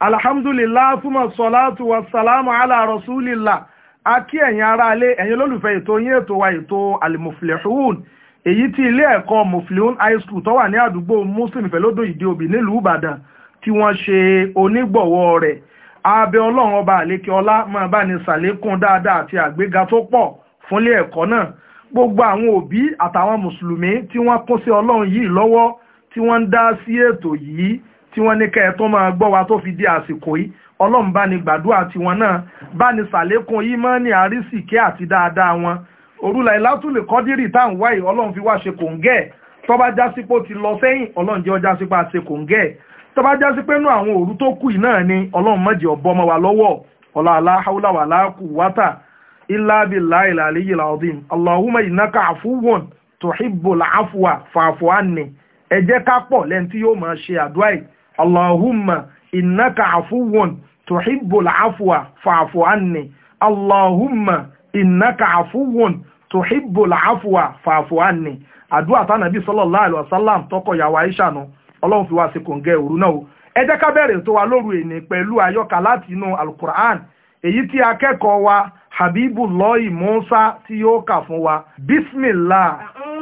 alhamdulillah fúnmọ̀ sọ́látù wa sàlámù ala rasulillah a kí ẹ̀yin ará ilé ẹ̀yin olólùfẹ́ ètò yín ètò wa ètò alimuflehun èyí tí ilé ẹ̀kọ́ muflehun high school tó wà ní àdúgbò muslim ìfẹ́lódò ìdí òbí nílùú ìbàdàn tí wọ́n ṣe onígbọ̀wọ́ rẹ̀ abẹ́ ọlọ́run ọba àlékè ọlá máa bá ní sàlékún dáadáa àti àgbéga tó pọ̀ fúnlé ẹ̀kọ́ náà gbogbo àwọn òbí àtàwọn mùsùlùmí tí wọ́n kún sí ọlọ́run yìí lọ́wọ́ tí wọ́n ń dá sí ètò yìí tí wọ́n ní kẹ́ẹ̀ tó máa gbọ́ wa tó fi di àsìkò yìí ọlọ́run bá ní gbàdúrà tiwọn náà bá ní sàlékún yìí mọ́ ní àrísìkí àti dáadáa wọn òrùlà ìlàtúlẹ̀ kọ́dírì tá à ń wáyé ọlọ́run fi wá ṣe kòǹgẹ́ tọ́ba jásípò ti lọ sẹ́yìn ọlọ́run jẹ́ ọjà sípò àṣe kòǹgẹ́ tọ́ba jásípò inú àwọn òru tó kù yìí náà ni ọlọ́run mọ̀jẹ̀ ọ̀bọ ọmọ wa lọ́wọ́ ọ̀làlá haúlà wà láàkú wátà ìlàbí ẹ jẹ́ ká pọ̀ lẹ́ni tí yóò máa ṣe àdúrà yìí Allahumma innaka afuwun tuhibbul afwa fa'fu anni Allahumma innaka afuwun tuhibbul afwa fa'fu anni àdúrà tánàbí sallallahu alaihi wasallam tọkọ yàwó Aisha nu ọlọ́run fi wá sí kòǹgẹ́ òru náà o ẹ jẹ́ ká bẹ̀rẹ̀ tó wa lóru èní pẹ̀lú àyọkà láti inú alukur'an èyí tí akẹ́kọ̀ọ́ wa habibu lọ́ọ̀yì musa tí yóò kà fún wa bismillah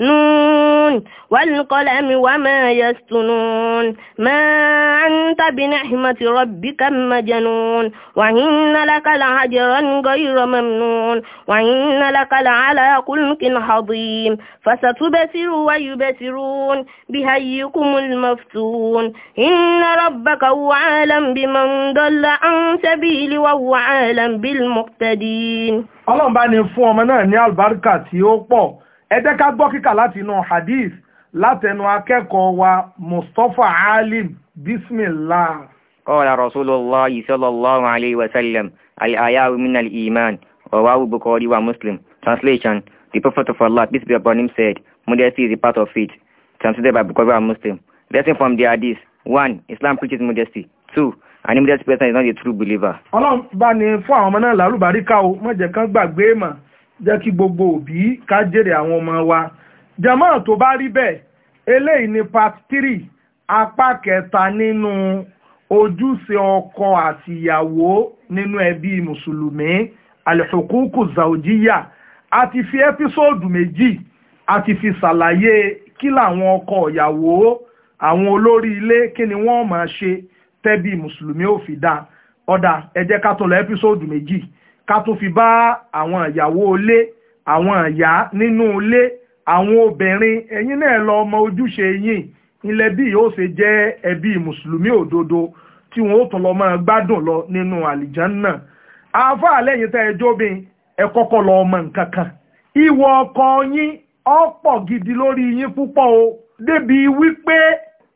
نون والقلم وما يستنون ما أنت بنعمة ربك مجنون وإن لك لأجرا غير ممنون وإن لك لعلى خلق عظيم فستبصر ويبصرون بهيكم المفتون إن ربك هو عالم بمن ضل عن سبيل وهو عالم بالمقتدين الله bá ní fún ọmọ náà ẹ jẹ́ ká gbọ́ kíkà láti inú hadith látẹnu akẹ́kọ̀ọ́ wa mustapha alim bismillah. قال رسول الله صلى الله عليه وسلم الآياء من الإيمان رواه Bukhari wa Muslim Translation The Prophet of Allah, peace be upon him, said, Modesty is a part of faith. Translated by Bukhari and Muslim. Lesson from the Hadith. 1. Islam preaches modesty. 2. An immodest person is not a true believer. Ọlọ́run bá ní fún àwọn ọmọ náà lálùbáríkà o, mọ̀jẹ̀ kan gbàgbé mà jẹ́ kí gbogbo òbí ká jèrè àwọn ọmọ wa jàmáà tó bá rí bẹ́ẹ̀ eléyìí ni part three apá kẹta nínú ojúṣe ọkọ àtìyàwó nínú ẹbí mùsùlùmí alhukuku zaujiya a ti fi ẹ́písòdù méjì a ti fi ṣàlàyé kí làwọn ọkọ ìyàwó àwọn olórí ilé kí ni wọ́n máa ṣe tẹ́bí mùsùlùmí ò fi dáa ọ̀dà ẹ ká tó lọ méjì ká tún fi bá àwọn ìyàwó ilé àwọn ìyá nínú ilé àwọn obìnrin ẹ̀yin náà lọ ọmọ ojúṣe yín ilẹ̀ bí yóò ṣe jẹ́ ẹbí mùsùlùmí òdodo tí wọn ó tún lọ máa gbádùn lọ nínú àlìjánná àáfà lẹ́yìn tẹ́ ẹ jóbin ẹ kọ́kọ́ lọ ọmọ nǹkan kan ìwọ ọkọ yín ọ̀pọ̀ gidi lórí yín púpọ̀ o débi wípé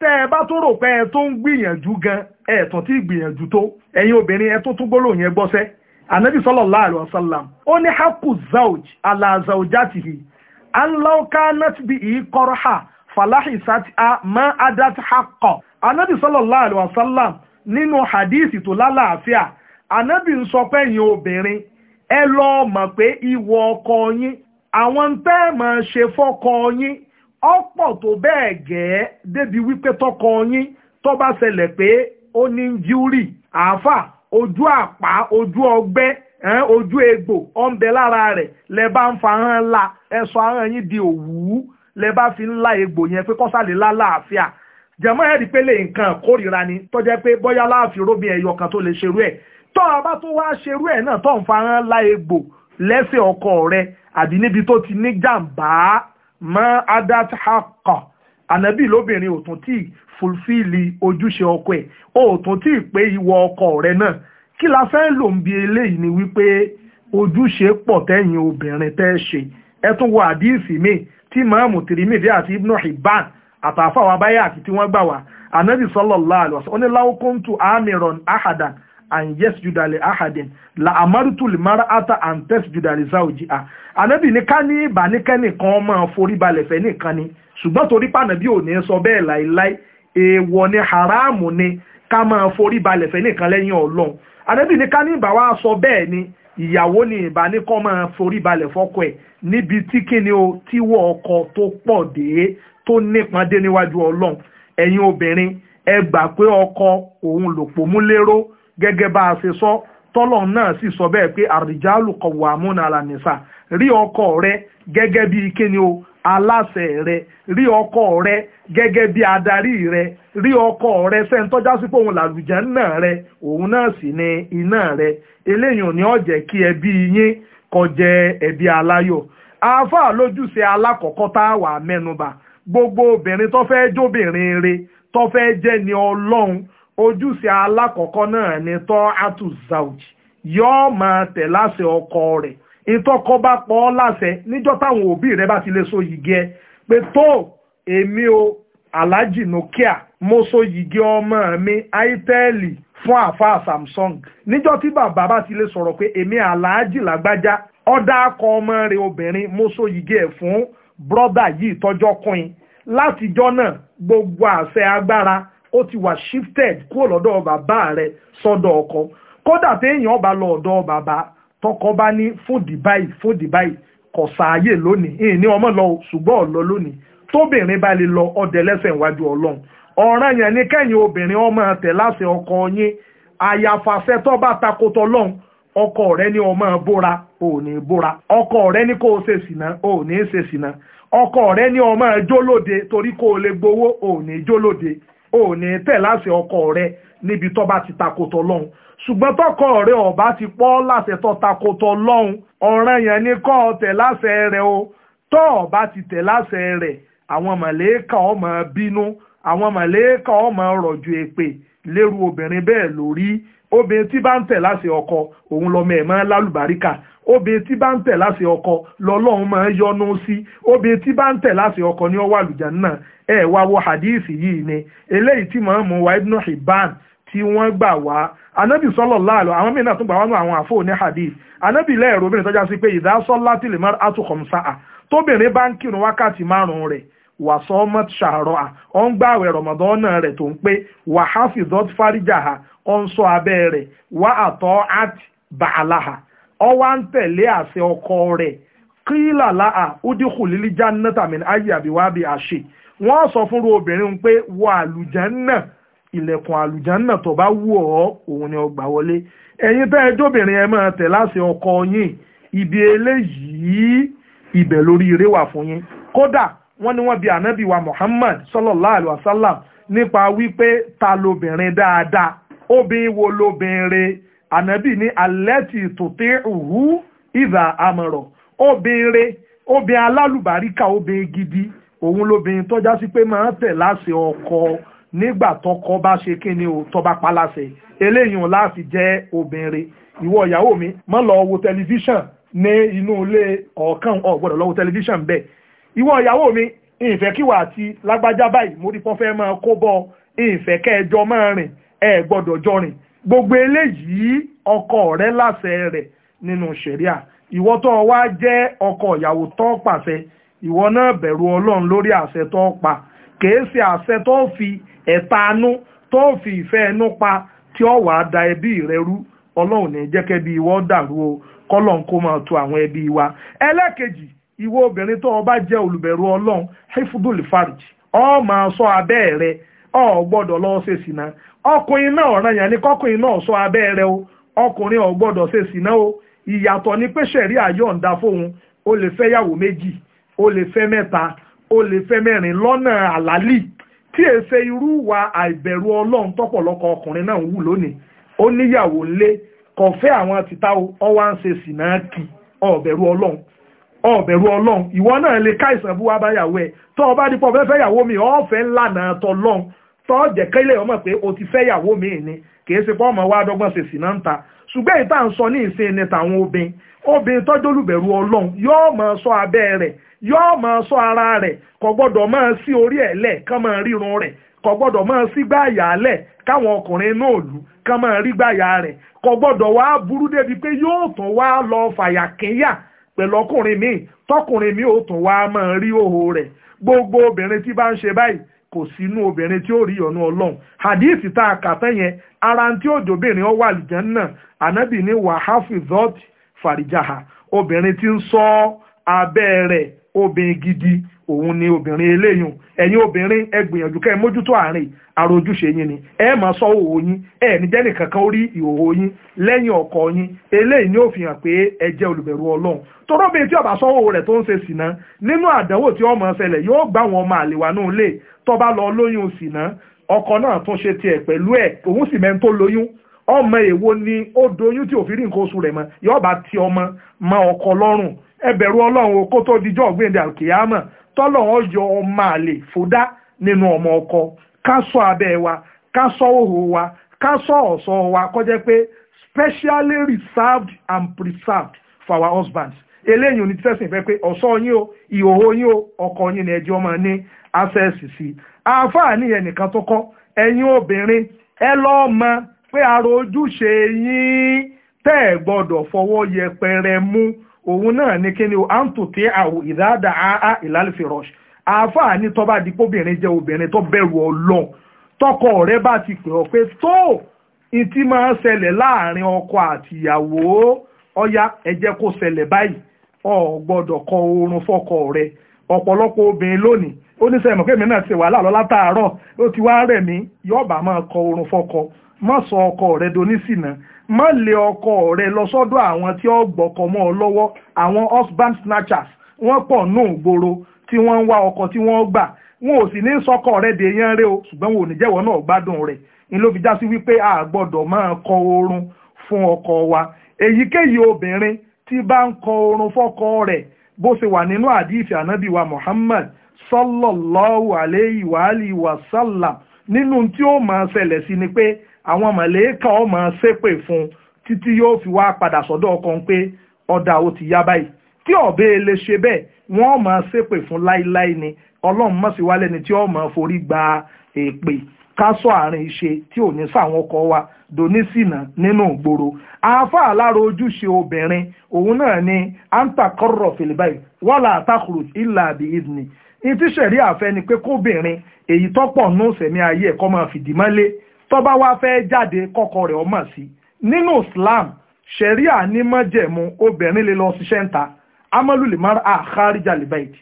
tẹ́ ẹ bá tó rò pé ẹ tó ń gbìyànjú gan ẹ tún ti gbìyànjú tó ẹ̀yin obìnrin ẹ tó tún gbólóhùn yẹn gbọ́sẹ́ anabi sallallahu alaihi wasallam ó ní haqqu zawj ala zawjatihi an law kanat bihi qarha falahisat a ma adat haqqo anabi sallallahu alaihi wasallam nínú hadithi tó lálàáfíà anabi ń sọ pé yín obìnrin ẹ lọ mọ̀ pé ìwọ ọkọ yín àwọn tẹ́ máa ṣe fọ́kọ yín ọ̀pọ̀ tó bẹ́ẹ̀ gẹ́ẹ́ débi wípé tọkọ yín tó bá ṣẹlẹ̀ pé ó ní júrì àáfà ojú àpá ojú ọgbẹ́ ojú egbò ọ̀nbẹ lára rẹ̀ lẹ bá ń fa ahọ́n ńlá ẹ̀sọ́ ahọ́n yín di òwú lẹ bá fi ńlá egbò yẹn pé kọ́sàlè lálàáfíà jẹ̀mọ́ ẹ̀rí pé lè nǹkan kórìíra ni tó jẹ́ pé bóyá láàfin rómi ẹ̀yọ̀ kan tó lè ṣerú ẹ̀ tó o bá tó wá ṣerú ẹ̀ náà tó ń fa ahọ́n ńlá egbò lẹ́sẹ̀ ọkọ rẹ̀ àbí níbi tó ti ní jàǹbá mọ́ adat hakọ̀ ànábì lóbìnrin ò tún tí ì fulfili ojúṣe ọkọ ẹ̀ ó tún tí ì pé ìwọ ọkọ rẹ náà kí la fẹ́ lò ń bi eléyìí ni wípé ojúṣe pọ̀ tẹ́yìn obìnrin tẹ́ ṣe ẹ tún wo àdíìsì mi tí máàmù tìrìmìdì àti ibnu hibban àtàfà wa báyà àti tí wọ́n gbà wá ànábì sallallahu alaihi wasallam oníláwó kóńtù àmìrán àhàdàn an yasjuda li ahadin la amartu li mar'ata an tasjuda li zawjiha ànábì ní ká ní ìbá ní kẹ́nìkan máa forí balẹ̀ fẹ́ nìkan ni ṣùgbọ́n torí pànàbí ò ní sọ bẹ́ẹ̀ láìláì èèwọ̀ ni haramu ni ká máa forí balẹ̀ fẹ́ nìkan lẹ́yìn ọlọ́run ànábì ní ká ní ìbá wa sọ bẹ́ẹ̀ ni ìyàwó ni ìbá ní kọ́ máa forí balẹ̀ fọ́kọ ẹ̀ níbi tí kíni o tíwọ́ ọkọ tó pọ̀ dé tó nípa dé níwájú ọlọ́run ẹ̀yin obìnrin ẹ gbà pé ọkọ òun lòpọ̀ mú gẹ́gẹ́ bá a ṣe sọ tọ́lọ̀ náà sì sọ bẹ́ẹ̀ pé àrìjálù ri rí ọkọ rẹ gẹ́gẹ́ bí kíni o aláṣẹ rẹ rí ọkọ rẹ gẹ́gẹ́ bí adarí rẹ rí ọkọ rẹ sẹ́ńtọ́já sí pé làlùjẹ́ náà rẹ òun náà sì ni iná rẹ eléyìí ni ó jẹ́ kí ẹbí yín je ẹbí aláyọ̀ àáfàá lójúṣe alákọ̀ọ́kọ́ tá a wà mẹ́nuba gbogbo obìnrin tó fẹ́ jóbìnrin tó fẹ́ jẹ́ ni ọlọ́run ojúṣe alákọ̀ọ́kọ́ náà ni tọ́ àtúnṣàwùjì yóò máa tẹ̀ láṣẹ ọkọ rẹ̀ ìtọ́kọ bá pọ̀ ọ́ láṣẹ níjọ́ táwọn òbí rẹ̀ bá ti lè so yìgì ẹ pé tó èmi o aláàjì nokia mo so yìgì ọmọ mi aitẹ́ẹ̀lì fún àáfàá samsung níjọ́ tí bàbá bá ti lè sọ̀rọ̀ pé èmi aláàjì làgbájá ọ̀dà akọ ọmọ rẹ̀ obìnrin mo so yìgì ẹ̀ fún brọ́dà yìí tọ́jọ́ kùn-ín látijọ́ náà gbogbo àṣẹ agbára ó ti wà shifted kúrò lọ́dọ̀ bàbá rẹ̀ sọ́dọ̀ ọkọ kódà téèyàn bá lọ ọ̀dọ̀ bàbá tọkọ bá ní fún báyìí fòdì kò sáàyè lónìí ìní ọmọ lọ ṣùgbọ́n ọ̀lọ́ lónìí tóbìnrin bá lè lọ ọdẹ lẹ́sẹ̀ iwájú ọlọ́run ọ̀ràn yẹn ni kẹ́yìn obìnrin ọmọ tẹ̀ láṣẹ ọkọ yín àyàfàṣẹ tó bá takotọ lọ́hùn ọkọ rẹ ni ọmọ bóra ò o ṣe sìnà ò ní ṣe sìnà lè gbowó ò ní tẹ̀ láṣẹ ọkọ rẹ níbi tó bá ti takòtò lọ́hùn ṣùgbọ́n tọkọ rẹ ọba ti pọ́ láṣẹ tó takòtò lọ́hùn ọ̀ràn yẹn ni kọ́ ọ tẹ̀ láṣẹ rẹ o tọ́ ọba ti tẹ̀ láṣẹ rẹ àwọn mọ̀lẹ́kà ọmọ bínú àwọn mọ̀lẹ́kà ọmọ rọ̀jò èpè lérú obìnrin bẹ́ẹ̀ lórí obìnrin tí bá ń tẹ̀ láṣẹ ọkọ òun lọ́mọ ẹ̀ máa ń lálùbáríkà obìnrin tí bá ń tẹ̀ láṣẹ ọkọ lọ́lọ́run máa ń yọ́nú sí obìnrin tí bá ń tẹ̀ láṣẹ ọkọ ní ọwọ́ àlùjá náà ẹ̀ wá wo hadith yìí ni eléyìí tí màá mú wa ibnu hibban tí wọ́n gbà wá anábì sọ́lọ̀ láàlọ́ àwọn mìíràn tún gbà wá nù àwọn àfò ní hadith anábì lẹ́ẹ̀rọ obìnrin tọ́já sí pé ìdásọ́lá tìlẹ̀mọ́ àtúkọ̀mùsáà tóbìnrin bá ń kírun wákàtí márùn-ún rẹ̀ wàsọ́mọ́t ṣàárọ̀ à ọ̀ ń gbààwẹ̀ rọ̀mọ̀dọ́nà rẹ̀ tó ń pé wàhálfì dọ́t fáríjàhà ọ̀ ń sọ abẹ́ rẹ̀ wà àtọ́ at baalaha, ọ̀ wá ń tẹ̀lé àṣẹ ọkọ rẹ̀ kílà láà údíkù lílí jánátà mi ayé àbíwábi àṣẹ wọ́n sọ fúnru obìnrin pé wọ àlùjánná ilẹ̀kùn àlùjánná tó bá wù ọ́ òun ni ọgbà wọlé ẹ̀yin tẹ́ ẹ jóbìnrin ẹ máa tẹ̀ láṣẹ ọkọ yín ibi eléyìí ibẹ̀ lórí ire wà fún yín kódà wọ́n ní wọ́n bi ànábì Muhammad sallallahu alayhi wa sallam nípa wípé ta lobìnrin dáadáa obìnrin wo lobìnrin ànábì ní alẹ́tì tòtí ìhú ìdà àmọ̀rọ̀ obìnrin obìnrin alálùbáríkà obìnrin gidi òun lobìnrin tọ́já sí pé máa ń tẹ̀ láṣẹ ọkọ nígbà tọkọ bá ṣe kí ni o tọba paláṣẹ eléyìí òun láti jẹ́ obìnrin ìwọ ìyàwó mi má lọ wo tẹlifíṣàn ní inú ilé ọ̀kan ọ̀gbọ́dọ̀ lọ wo tẹlifíṣàn bẹ́ẹ̀ ìwọ ìyàwó mi ìfẹ́ kíwà àti lágbájá báyìí mo rí pọ́fẹ́ máa kó bọ́ ìfẹ́ kẹjọ máa rìn ẹ gbọ́dọ̀ jọ rìn gbogbo eléyìí ọkọ rẹ láṣẹ rẹ̀ nínú ṣẹ̀ríà ìwọ tó wá jẹ́ ọkọ ìyàwó tó pàṣẹ ìwọ náà bẹ̀rù ọlọ́run lórí àṣẹ tó pa kìí ṣe àṣẹ tó fi ẹ̀ta anú tó fi ìfẹ́ ẹnu pa tí ó wàá da ẹbí rẹ rú ọlọ́run ní jẹ́kẹ́ ìwọ dàrú o kọ́lọ́n máa tu àwọn ẹbí wa ẹlẹ́kejì ìwọ obìnrin tó o bá jẹ́ olùbẹ̀rù ọlọ́run hifudul farj ọ máa ṣọ́ abẹ́ rẹ ọ gbọ́dọ̀ lọ ṣe sìnà ọkùnrin náà ọ̀ràn yẹn ni kọkùnrin náà ṣọ́ abẹ́ rẹ o ọkùnrin ò gbọ́dọ̀ ṣe sìnà o ìyàtọ̀ ni pé ṣẹ̀rí àyọ̀ǹda fóun o lè fẹ́ yàwó méjì o lè fẹ́ mẹ́ta o lè fẹ́ mẹ́rin lọ́nà àlálì tí è ṣe irú wa àìbẹ̀rù ọlọ́run tọ́pọ̀lọpọ̀ ọkùnrin náà ń wù lónìí ó níyàwó ńlé kọ̀fẹ́ àwọn títà ọwọ́ à ń ṣe sìnà kì ọ̀bẹ̀rù ọlọ́run ọ̀bẹ̀rù ọlọ́run ìwọ náà lè ká ìsàn búwa báyàwó ẹ̀ tó o bá di pọ̀ fẹ́fẹ́ yàwó mi ọ̀fẹ́ ńlànà tọ́lọ́run tó jẹ́ kẹ́lẹ́ ọmọ pé o ti fẹ́ yàwó mi ni kìí ṣe pọ́ọ̀mọ̀ wá dọ́gbọ́n ṣèṣì náà ń ta ṣùgbọ́n ìta ń sọ ní ìsìn ni tàwọn obìnrin obìnrin tọ́jú olùbẹ̀rù ọlọ́run yóò máa ṣọ́ abẹ́ rẹ̀ yóò máa ṣọ́ ara rẹ̀ kò gbọ́dọ̀ máa sí orí ẹ̀ lẹ̀ kán máa rírun rẹ̀ kò gbọ́dọ̀ máa sí gbáàyà lẹ̀ káwọn ọkùnrin náà lù kán máa rí gbáàyà rẹ̀ kò gbọ́dọ̀ wá burú débi pé yóò tún wá lọ fàyà kínyà pẹ̀lú ọkùnrin míì tọkùnrin míì ò tún wá máa rí òhò rẹ̀ gbogbo obìnrin tí bá ń ṣe báyìí kò sínú obìnrin tí ó rí ọ̀nà ọlọ́run hadith tá a kà tán yẹn ara tí òjòbìnrin ọ wà lìjẹ́ náà ànábì ní wàhálà zọ́ọ̀tì obìnrin tí ń sọ abẹ́ rẹ̀ obìnrin gidi òun ni obìnrin eléyìn ẹ̀yin obìnrin ẹ gbìyànjú kẹ́ ẹ mójútó àárín àròjúṣe yín ni ẹ máa sọ òwò yín ẹ ní jẹ́ nìkankan orí ìhòòhò yín lẹ́yìn ọkọ yín eléyìí ni ó fi hàn pé ẹ jẹ́ olùbẹ̀rù ọlọ́run tọ́rọ́ bíi tí ọba sọ òwò rẹ̀ tó ń ṣe sìnà nínú àdánwò tí ọmọ ṣẹlẹ̀ yóò gbà wọn ọmọ àlèwà náà lè tọ́ba lọ lóyún sìnà ọkọ náà tún ṣe tiẹ̀ pẹ̀lú ẹ̀ òun sì mẹ́ńtó lóyún ọmọ èwo ni ó doyún tí òfin rí nǹkan oṣù rẹ̀ mọ́ yọ̀ọ́ bá ti ọmọ mọ ọkọ lọ́rùn ẹ ọlọ́run o kó tó dijọ́ ọ̀gbìn ìdàkìyàmọ̀ tọ́lọ̀ wọn yọ ọmọ àlè fòdá nínú ọmọ ọkọ ká ṣọ́ abẹ́ wa ká ṣọ́ òhò wa ká ṣọ́ ọ̀ṣọ́ wa kó pé specially reserved and preserved for our husbands eléyìí oní tẹ́sán fẹ́ pé ọ̀ṣọ́ yín o ìhòòhò yín o ọkọ yín ni ẹjọ́ máa ní access sí àǹfààní yẹn nìkan tó kọ́ ẹ̀yin obìnrin ẹ lọ́ọ́ mọ pé ara ojúṣe yín tẹ́ ẹ̀ gbọ́dọ̀ fọwọ́ yẹpẹrẹ mú òun náà ni kí ni o àǹtò tí àwò ìdáàdà àá ìlàlẹ́fẹ̀ rush àáfàá ní tọ́ba àdìpọ̀ obìnrin jẹ́ obìnrin tó bẹ̀rù ọlọ́run tọkọ rẹ bá ti pè ọ́ pé tó ìtì máa ń ṣẹlẹ̀ láàrin ọkọ àti ìyàwó ọ̀yá ẹ jẹ́ kó ṣẹlẹ̀ báyìí o gbọ́dọ̀ kọ oorun fọkọ rẹ ọ̀pọ̀lọpọ̀ obìnrin lónìí oníṣẹ́mọ̀ pé èmi náà ti wàhálà lọ látàárọ̀ ó ti wá rẹ̀ mí yọ̀ọ̀bà máa kọ oorun fọkọ má sọ ọkọ rẹ donísìnà má lé ọkọ rẹ lọ sọ́dọ̀ àwọn tí ó gbọ́kọ mọ́ ọ lọ́wọ́ àwọn husband snatchers wọ́n pọ̀ náà gbòòrò tí wọ́n ń wá ọkọ tí wọ́n gbà wọn ò sì ní sọkọ rẹ dè yẹn rẹ o ṣùgbọ́n wọn ò ní jẹ́wọ́ náà gbádùn rẹ̀ ni ló fi já sí wípé a gbọ́dọ̀ máa kọ oorun fún ọkọ wa èyíkéyìí obìnrin tí bá ń kọ oorun fọ́kọ rẹ̀ bó ṣe wà nínú àdìsí ànábì Muhammad sallallahu alayhi wa alihi wa sallam nínú tí ó máa ṣẹlẹ̀ sí ni pé àwọn mọ̀lẹ́kà ó máa ṣépè fún un títí yóò fi wá padà sọ́dọ̀ ọkọ pé ọ̀dà ó ti yá báyìí tí ọ̀bẹ lè ṣe bẹ́ẹ̀ wọ́n máa ṣépè fún láíláí ni ọlọ́run mọ̀ sí wa lẹ́ni tí ó máa forí gba èpè kásọ̀ àárín ìṣe tí ò ní sáwọn ọkọ wa donísìnà nínú ìgboro àáfà alára ojúṣe obìnrin òun náà ni antakọrọ filibai wàlà àtàkùrù ìlà àbí ìdìní ìtísẹ̀rí àfẹ́ ni pé kóbìnrin èyí tọ́pọ̀ nù sẹ̀mí ayé ẹ̀kọ́ máa fìdí mọ́lé tọ́ba wá fẹ́ jáde kọ́kọ́ rẹ̀ ọmọ sí nínú Islam Sharia ní májẹ̀mú obìnrin lè lọ ṣiṣẹ́ ń ta amálùlẹ̀mọ́ra àkárìjà lìbáìtì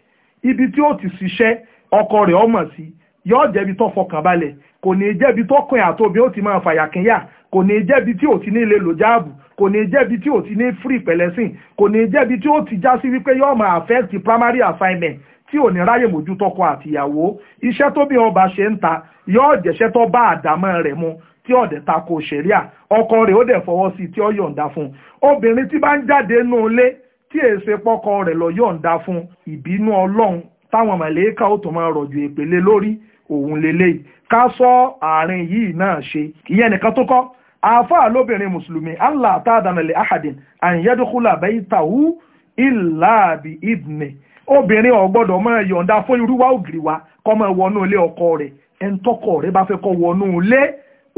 ibi tí ó ti ṣiṣẹ́ ọkọ rẹ̀ ọmọ sí yóò jẹ́bi tó fọkàn balẹ̀ kò ní jẹ́bi tó kàn yà tóbi ó ti máa fàyàkínyà kò ní jẹ́bi tí ò ti ní lè lò jáàbù kò ní jẹ́bi tí ò ti ní free pẹ̀lẹ́sìn kò ní jẹ́bi tí ó ti já sí wípé yóò máa affect primary assignment tí ò ní ráyè mójú tọkọ àtìyàwó iṣẹ́ tó bí ọba ṣe ń ta yóò jẹ́ṣẹ́ tó bá àdámọ́ rẹ̀ mu tí ọ̀dẹ̀ ta ko ṣẹ̀ríà ọkọ rẹ̀ ó dẹ̀ fọwọ́ sí i tí ó yọ̀ǹda fún un obìnrin tí bá ń jáde nù ilé tí èsè pọkọ rẹ̀ lọ yọ̀ǹda fún ìbínú ọlọ́run táwọn màlẹ́kà ó tó máa rọ̀jò ìpele lórí òun lélẹ́yìí ká sọ àárín yìí náà ṣe ìyẹn nìkan tó kọ́ àáfàá lóbìnrin mùsùlùmí allah tàdánilẹ̀ ahadin àyẹ̀dúkúlà bẹ́ẹ̀ tàwú ìlàbí ìdìnnì obìnrin ò gbọ́dọ̀ máa yọ̀ǹda fún irúwá ògiri wa kó máa wọnú ilé ọkọ rẹ̀ ẹni tọkọ rẹ̀ bá fẹ́ kó wọnú ilé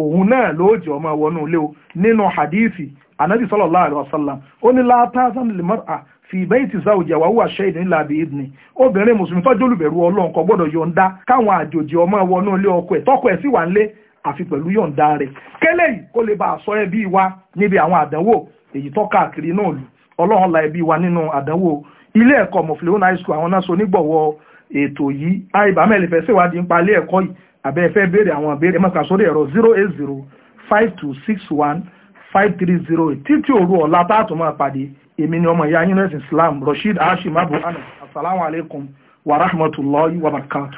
òun náà lóòjì ọmọ wọnú ilé o nínú hadithi anabi sallallahu alaihi wasallam ó ní látàzán lè mọ́ra fi bayti zawjiha wa huwa shahidun illa bi idni obìnrin mùsùlùmí tọ́jú olùbẹ̀rù ọlọ́run kò gbọ́dọ̀ yọ̀ǹda káwọn àjòjì ọmọ wọnú ilé ọkọ ẹ̀ tọkọ ẹ̀ sì wà nílé àfi pẹ̀lú yọ̀ǹda rẹ̀ kẹ́lẹ́ yìí kó lè bá a ẹbí wa níbi àwọn àdánwò èyí tó káàkiri náà lù ọlọ́run la ẹbí wa nínú àdánwò ilé ẹ̀kọ́ mọ̀fìlẹ́wọ̀n high school àwọn náà so onígbọ̀wọ́ ètò yìí àìbámẹ́ lè fẹ́ ṣèwádìí nípa ilé ẹ̀kọ́ yìí àbẹ́ ẹ fẹ́ béèrè àwọn ìbéèrè mọ̀ká sórí ẹ̀rọ zero eight zero five two six one five three zero eight títí òru ọ̀la táàtò máa pàdé èmi ni ọmọ ìyá yín nurse Islam Rasheed Hashim Abu Anas asalaamualeykum wa rahmatulahi wa barakatu.